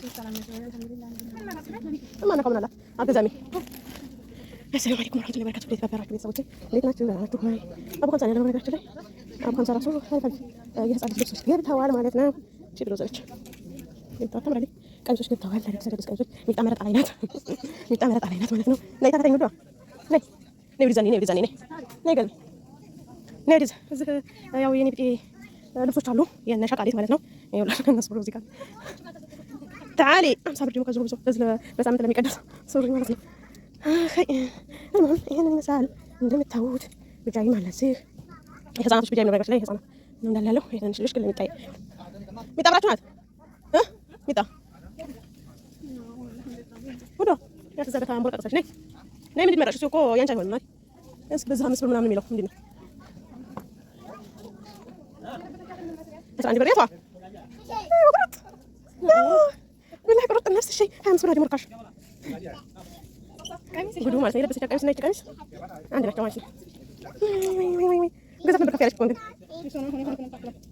ማለት ነው። ብሎዘች ቀሚሶች ገብተዋል። ለልብሰ ልብስ ቀሚሶች ሚጣ መረጣ ላይ ናት። ሚጣ መረጣ ላይ ናት ማለት ነው። ነይ ተፈተኝ ወደዋ ነይ ነይ ወደዛ ነይ ወደዛ ነይ ነይ ገልቢ ነይ ወደዛ። እዚህ ያው የኔ ብጤ ልብሶች አሉ የነ ሸቃሌት ማለት ነው። ይኸውላችሁ ከእነሱ ብሎ እዚህ ጋር ተዓሊ አምሳ ብር ደግሞ ከዞሮ ብዙ በሳምንት ለሚቀደስ ሱሪ ማለት ነው። አልሙም ይህን ይመስላል እንደምታዩት ብጃይ ማለት ዚህ የህፃናቶች ብጃይ ነገሮች ላይ ህፃናት ነው እንዳላለው የትንሽ ልጆች ግን ለሚጣይ ሚጣ ናት ሚጣ ወዶ ያተዘረታ አንቦር ቀረሰች ነይ ነይ ምንድን መረጥሽ እኮ ያንቺ አይሆንም ናት እስ በዛ አምስት ብር ምናምን የሚለው ምንድን ነው አስራ አንድ ብር ያቷ القطن نفس الشيء ها مصور هذه مرقش قدوم على لبست قميص نايت قميص عندنا حتى ماشي قزف نبقى فيها شكون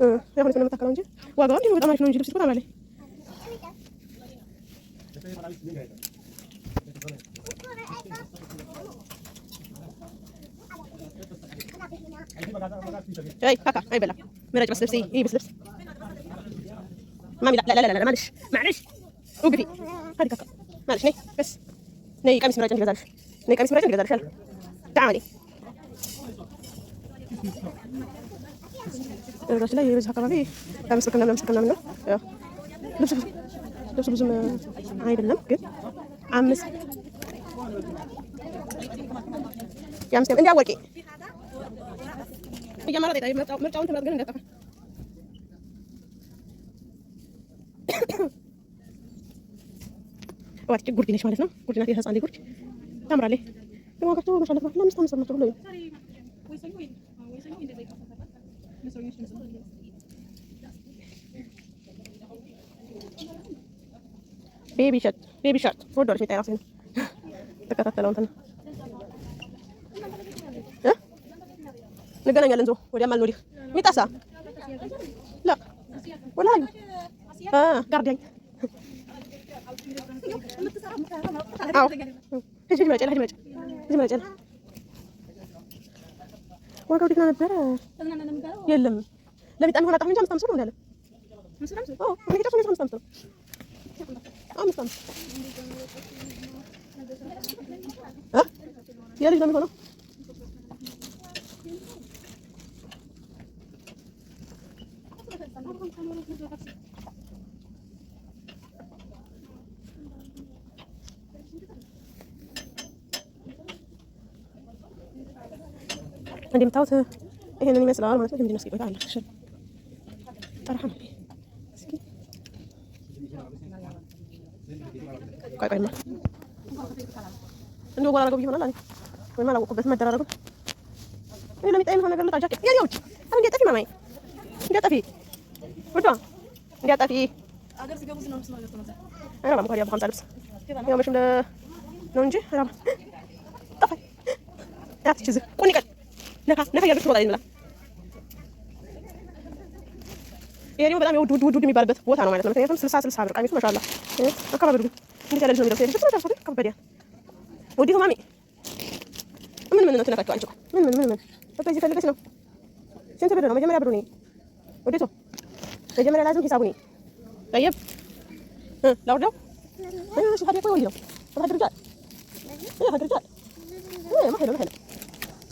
اه هنا كنا متاكلون جي وقال لي ما شنو نجيب شكون عملي اي كاكا اي بلا مراج بس لبسي اي بس لبسي مامي لا لا لا لا معلش معلش ኡግዲ ሀዲ ካካ ማለሽ ነይ በስ ነይ ቀሚስ ምራጭ እንዲገዛልሽ ነይ ቀሚስ ምራጭ እንዲገዛልሽ አለ ተዓመኒ እዛች ላይ በዚህ አካባቢ ለአምስት ብር ከምናምን ነው ልብስ ልብሱ ብዙም አይደለም ግን አምስት የአምስት እንዲያ ወርቄ እያማራ ምርጫውን ትምራት ግን እንዳጠፋ እባክህ ጉርድ ነች ማለት ነው። ጉርድ ናት፣ የህፃን ጉርድ ታምራለች። ዋጋቸው መሻለፍ ነው። ለአምስት አምስት አምስት ብሎ ቤቢ ሸርት ቤቢ ሸርት ወደዋለች ሚጣ ራሴ ነው ተከታተለው እንትን እንገናኛለን። ዞ ነው አልኖዲህ ሚጣሳ ላ ወላ ጋርዲያን ዋጋው ደህና ነበረ። የለም ለሚጣ ሆነ ጣም እንጂ አምስት አምስት ነው እንዳለ የልጅ ነው የሚሆነው። እንደምታዩት ይሄንን ይመስላል ማለት ነው። እንደነሱ ይቆጣል ሽር ጠራህ ነው። እስኪ ቆይ ቆይማ እንደው ጓራ አረገው ይሆናል አለ ወይም አላወቅሁበትም መደራረጉን ይሄ ለሚጣ የሚሆን ነገር ልጣጃ ያኔ ውጭ አሁን እንዲያጠፊ ማማዬ እንዲያጠፊ ውዷ እንዲያጠፊ አይራባም እኮ በሀምሳ ልብስ ያው መቼም ነው እንጂ አይራባም ጠፋኝ አትችዝ ቁን ይቀል ነካ ነካ ያደርክ ቦታ ይመላ። ይሄ ደግሞ በጣም ውድ ውድ የሚባልበት ቦታ ነው ማለት ነው። ምክንያቱም ስልሳ ስልሳ ብር ቀሚሱ ማሻአላ አካባቢ ግን እንዴት ያለ ነው የሚደርሰው? ትንሽ አፍቶ ከበዲያ ወዲሁ ማሚ ምን ምን ነው ትነካቸው አንቺ ምን ምን ምን ምን በዚህ ፈልገሽ ነው? ስንት ብር ነው መጀመሪያ? ብሩ ነው ወዴቶ መጀመሪያ ላዝም ሂሳቡ ነው ጠየብ ላውርደው እሺ። ታዲያ ቆይ ወንድ ነው ታድርጃል ታድርጃል ማሄዶ ማሄዶ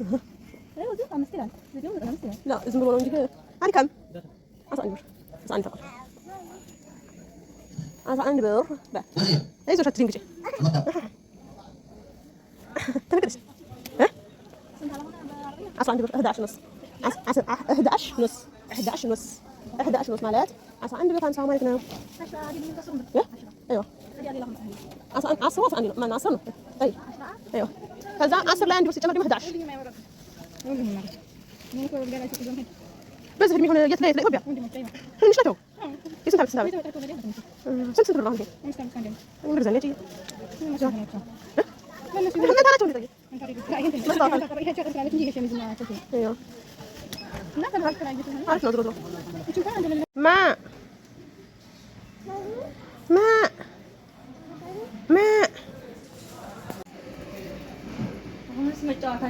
لا ዝም ብሎ ነው እንጂ አድካሚ አስራ አንድ ብር አስራ አንድ ተቆል አስራ አንድ ብር አይዞሽ አትደንግጪ ትንቅደሽ አስራ አንድ ብር እህዳሽ ነስ እህዳሽ ነስ እህዳሽ ነስ እህዳሽ ነስ ማለት አስራ አንድ ብር ሃምሳ ማለት ነው። አስራ አንድ ነው ማነው አስር ነው ከዛ አስር ላይ አንድ ብር ሲጨመር ደግሞ ህዳሽ በዚህ እድሜ የት ላይ ኢትዮጵያ ትንሽ ናቸው። የስንት ዓመት ስንት ስንት ብር ነው? እንግሊዝ ማ ማ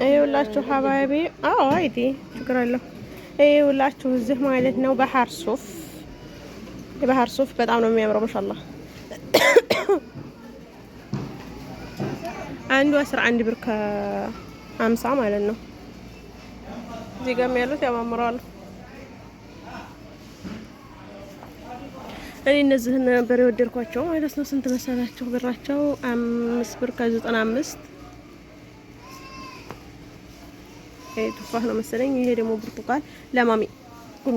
ይኸውላችሁ ሀባቢ አዎ አይዲ ችግር አለው። ይኸውላችሁ እዚህ ማለት ነው ባህር ሱፍ የባህር ሱፍ በጣም ነው የሚያምረው። ማሻላ አንዱ አስራ አንድ ብር ከሀምሳ ማለት ነው። እዚህ ጋርም ያሉት ያማምራሉ። እኔ እነዚህን ነበር የወደድኳቸው ማለት ነው። ስንት መሰላቸው? ብራቸው አምስት ብር ከዘጠና አምስት ቱፋህ ነው መሰለኝ። ይሄ ደግሞ ብርቱካን ለማሚ ቁሚ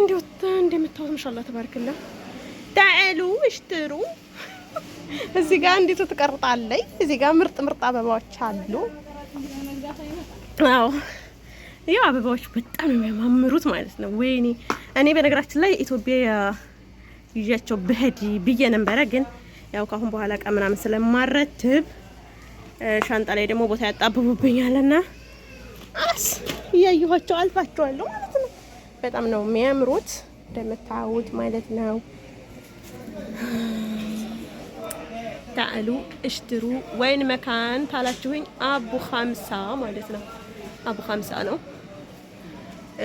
እንዲወጣ እንደምታወት ማሻአላ ተባርክላ ታዕሉ እሽትሩ። እዚህ ጋር እንዴት ትቀርጣለይ? እዚህ ጋር ምርጥ ምርጥ አበባዎች አሉ። አዎ ያው አበባዎች በጣም የሚያማምሩት ማለት ነው። ወይኔ እኔ በነገራችን ላይ ኢትዮጵያ ይዣቸው ብሄድ ብዬ ነበረ፣ ግን ያው ካሁን በኋላ ቀን ምናምን ስለማረትብ ሻንጣ ላይ ደግሞ ቦታ ያጣብቡብኛል እና አስ እያየኋቸው አልፋቸዋለሁ ማለት ነው። በጣም ነው የሚያምሩት እንደምታዩት ማለት ነው። ታሉ እሽትሩ ወይን መካን ታላችሁኝ አቡ ሀምሳ ማለት ነው። አቡ ሀምሳ ነው።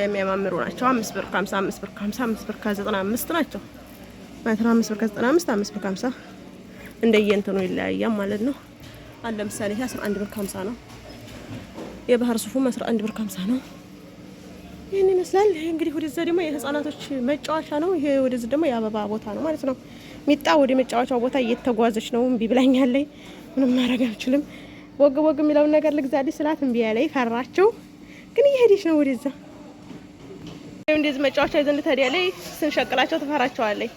የሚያማምሩ ናቸው። አምስት ብር ከሀምሳ አምስት ብር ከሀምሳ አምስት ብር ከዘጠና አምስት ናቸው ማለት ነው። አምስት ብር ከዘጠና አምስት አምስት ብር ከሀምሳ እንደየእንትኑ ይለያያል ማለት ነው። አለ። ለምሳሌ ይሄ 11 ብር 50 ነው። የባህር ሱፉም 11 ብር 50 ነው። ይህን ይመስላል። እንግዲህ ወደዛ ደግሞ የህፃናቶች መጫወቻ ነው። ይሄ ወደዚ ደግሞ የአበባ ቦታ ነው ማለት ነው። ሚጣ ወደ መጫወቻው ቦታ እየተጓዘች ነው። እምቢ ብላኛለች። ምንም ማድረግ አልችልም። ወግ ወግ የሚለውን ነገር ልግዛልሽ ስላት እምቢ ያለኝ ፈራችው። ግን እየሄደች ነው ወደዛ። እንደዚህ መጫወቻ ይዘን ታዲያ ላይ ስንሸቅላቸው ትፈራቸዋለች።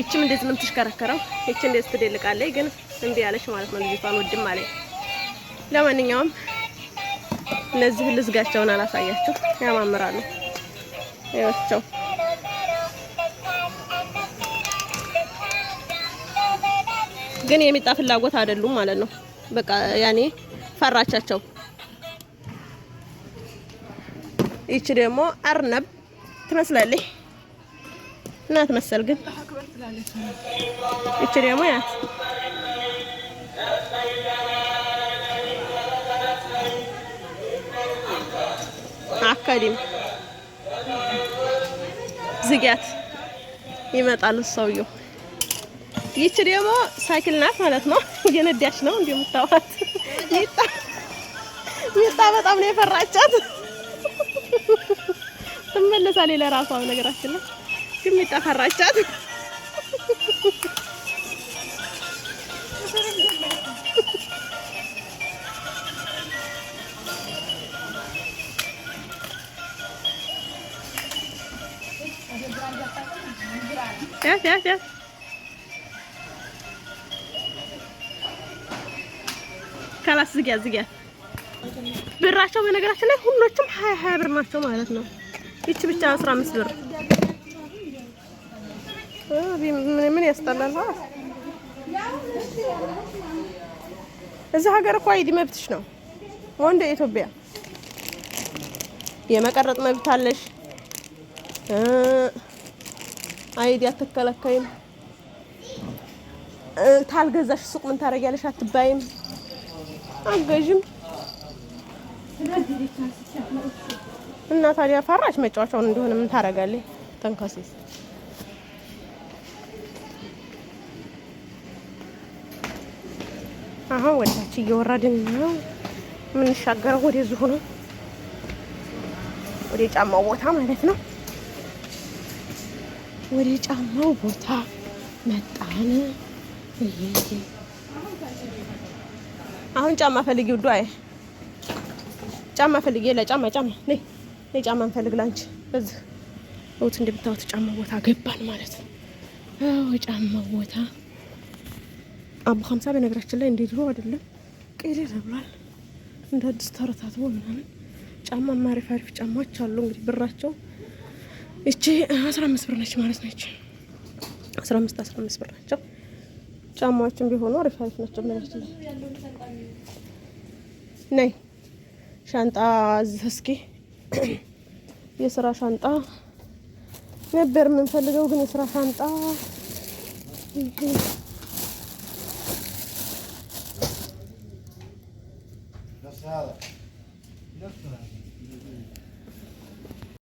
ይችም እንደዚህ ነው የምትሽከረከረው። ይች እንዴት ትደልቃለች፣ ግን እምቢ አለች ማለት ነው። ልጅቷን ወድም አለ። ለማንኛውም እነዚህ ልዝጋቸውን አላሳያችሁ፣ ያማምራሉ። ይወቸው ግን የሚጣ ፍላጎት አይደሉም ማለት ነው። በቃ ያኔ ፈራቻቸው። ይቺ ደግሞ አርነብ ትመስላለች። እናት መሰል ግን ማለት ነው። እቺ ደግሞ ያት አካዲም ዝጊያት ይመጣል ሰውየው። ይቺ ደግሞ ሳይክል ናት ማለት ነው። እየነዳች ነው እንደምታዋት። ይጣ በጣም ነው የፈራቻት። ትመለሳለች ለራሷ ነገራችን ላይ ግን ይጣ ፈራቻት። Yes, yes, yes. ከላስ ዝጊያ ዝጊያ። ብራቸው በነገራችን ላይ ሁሎቹም ሀያ ሀያ ብር ናቸው ማለት ነው። ይቺ ብቻ አስራ አምስት ብር ምን ያስጠላል? እዚህ ሀገር እኮ አይዲ መብትሽ ነው። ወንድ ኢትዮጵያ የመቀረጥ መብት አለሽ። አይዲ አትከለከይም። ታልገዛሽ ሱቅ ምን ታደርጊያለሽ? አትባይም፣ አገዥም እና ታዲያ ፈራሽ መጫወቻውን እንደሆነ ምን ታደርጋለሽ? ተንከሴስ አሁን ወደታች እየወረድን ነው የምንሻገረው፣ ወደ ዝሆ ነው ወደ ጫማው ቦታ ማለት ነው። ወደ ጫማው ቦታ መጣን። አሁን ጫማ ፈልጊ ውዱ፣ አይ ጫማ ፈልጊ፣ ለጫማ ጫማ ነይ ነይ፣ ጫማ እንፈልግ ላንቺ። በዚህ እውት እንደምታዩት ጫማ ቦታ ገባን ማለት ነው። አዎ ጫማ ቦታ አቦ ሀምሳ በነገራችን ላይ እንደ ድሮ አይደለም፣ ቅይሬ ተብሏል። እንደ አዲስ ተረታትቦ ምናምን ጫማ ማሪፍ አሪፍ ጫማዎች አሉ። እንግዲህ ብራቸው እቺ አስራ አምስት ብር ነች ማለት ነች። አስራ አምስት አስራ አምስት ብር ናቸው ጫማዎችም ቢሆኑ አሪፍ አሪፍ ናቸው። ነገራችን ላይ ነይ ሻንጣ እዚህ እስኪ የስራ ሻንጣ ነበር የምንፈልገው፣ ግን የስራ ሻንጣ